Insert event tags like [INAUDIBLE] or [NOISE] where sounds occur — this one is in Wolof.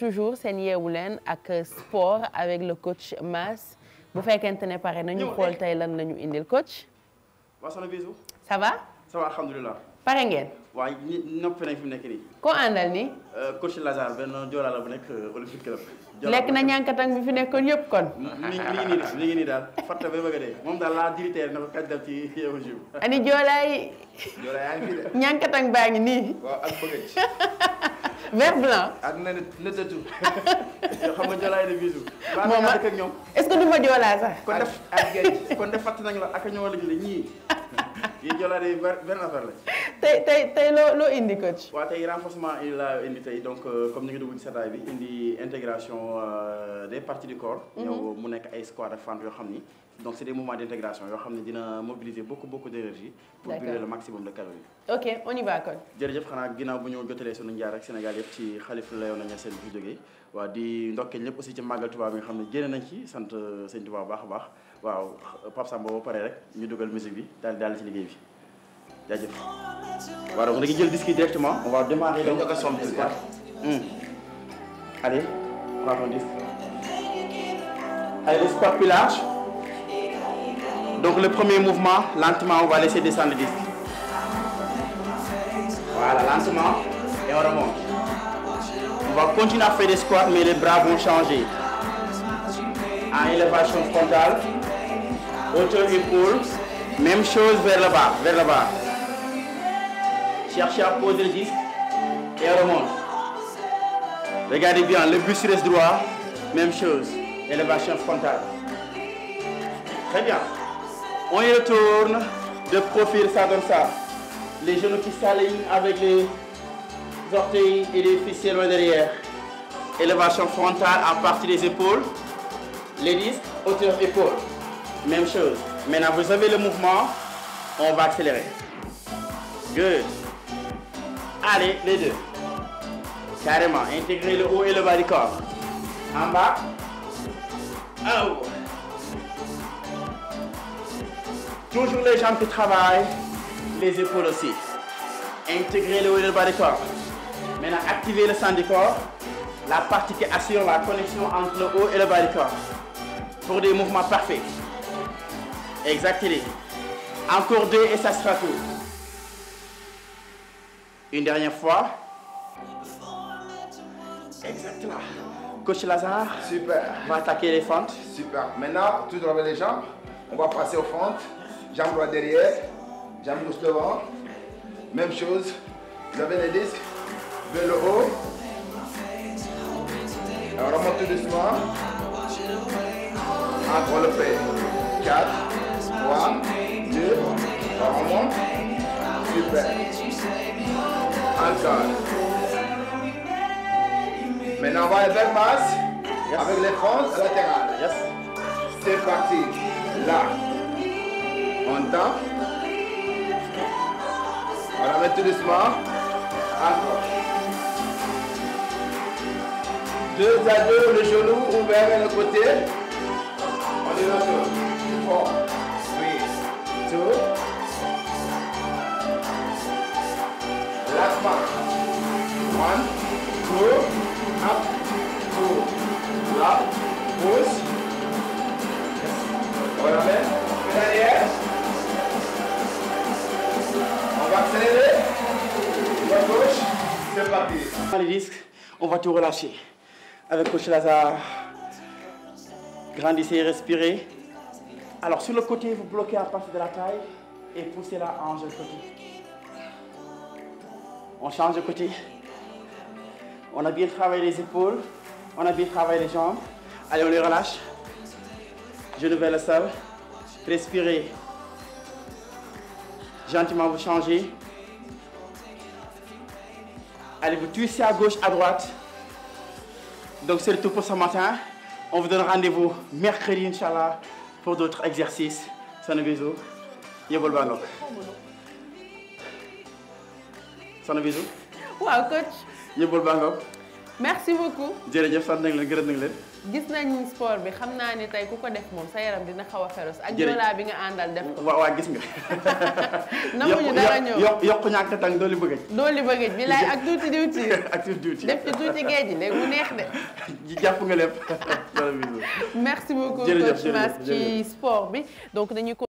toujours seen yeewu leen ak euh, sport avec le coach Mass bu fekkente ne pare nañu xool eh? tey lan la ñu indil coach. waaw soxna Bijou. ça va. ça va alhamdulilah. pare ngeen. waaw ñi noppi euh, coach Lazare benn joolaa bu nekk euh, Olympique Club. lekk na ñànkatang bi fi nekkoon yëpp kon. mi ngi nii mi ngi nii daal fàtte ba bëgg a dee moom daal laa diri teel na ko kañ dem ci yow jiw. ani joolaay. joolaay yaa ngi fi de. ñànkatang baa ngi nii. [LAUGHS] vert blanc. ak na na tëtu xam nga joolaay de bisu. moom ak ñoom. est-ce que du ma joolaa sax. kon def ak gay kon def fàtt nañ la ak ñoo la ñii yi joolaa de benn affaire la. tey tey tey loo loo indi coach. waaw tey renforcement la indi tey donc euh, comme ni nga dugg ci sataay bi indi intégration euh, des parties du corps. Mhm. ñëw mu nekk ay squat ak fente yoo xam ni. donc c' est des moments d' intégration ne dina mobiliser beaucoup beaucoup d' énergie. pour brûler le maximum de calories. ok on bu ñu jotalee sunu njaar ak Sénégal yëpp ci Khalifa Léona Niassène bu jógee waaw di ndokkeel ñëpp aussi ci màggal bi nga xam ne génne nañ ci sant euh, sëñ baax a baax waaw Pape Samba boo paree rek ñu dugal musique bi daal dal ci liggéey bi. jaajëf waaw directement. on va démarrer donc ak son hmm. disque. allez prends ton le squat plus donc le premier mouvement lentement on va laisser descendre le voilà lentement et on remonte. on va continuer à faire des squats mais les bras vont changer. en élévation frontale. hauteur épaule. même chose vers le bas vers le bas. cherchez à poser le disque et remonte. Regardez bien, le bus reste droit, même chose, élévation frontale. Très bien. On y retourne de profil, ça ça. Les genoux qui s'alignent avec les orteils et les fessiers loin derrière. Élévation frontale à partir des épaules. Les disques, hauteur épaule. Même chose. Maintenant, vous avez le mouvement. On va accélérer. Allez, les deux. Carrément, intégrer le haut et le bas du corps. En bas. Oh. Toujours les jambes qui travaillent, les épaules aussi. Intégrer le haut et le bas du corps. Maintenant, activer le sang du corps. La partie entre le haut et le bas du corps. Pour des mouvements parfaits. Exactement. Encore deux et ça sera tout. Une dernière fois. Exactement. Coach Lazare. Super. On va attaquer les fentes. Super. Maintenant, tu dois les jambes. On va passer aux fentes. Jambes droite derrière. Jambes gauche devant. Même chose. Lever les disques haut. Alors, remonte doucement. Encore le pied. 4, 3, 2, on Super. Encore. Maintenant, on va à la belle masse yes. avec les fronces latérales. Yes. C'est parti. Là. On tape. On la met tout doucement. Accroche. Deux à deux, le genou ouvert vers le côté. On est là. Four. Three. Two. That's fine. One, two, up, two, up, push. Ahora ven, derrière. On va accélérer. La gauche, c'est parti. Les disques, on va tout relâcher. Avec Coach Lazare, grandissez et respirez. Alors sur le côté, vous bloquez à partir de la taille et poussez-la en jeu côté. on change de côté. On a bien travaillé les épaules, on a bien travaillé les jambes. Allez, on les relâche. Genou vers le sol. Respirez. Gentiment, vous changez. Allez, vous twistez à Donc, c'est pour ce matin. On vous donne rendez-vous mercredi, Inch'Allah, pour d'autres exercices. Sana bisous. Yobol soxna Bijou. waaw coach. yëbbal baa nga merci beaucoup. jërëjëf sant nañ leen gërëm nañ leen. gis nañ sport bi xam naa ni tey ku ko def moom sa yaram dina xaw a féroce. ak joolaa bi nga àndal def ko. waaw waaw gis nga. [LAUGHS] namuñu dara ñëw yokku yokku ñàkk tàng dooli bëggëj. dooli bëggëj bi laay ak tuuti diwtiir. [LAUGHS] ak tuuti diwtiir def ci tuuti géej gi léegi mu neex de. [LAUGHS] jàpp nga lépp. merci beaucoup coach Mass ci sport bi donc dañuy.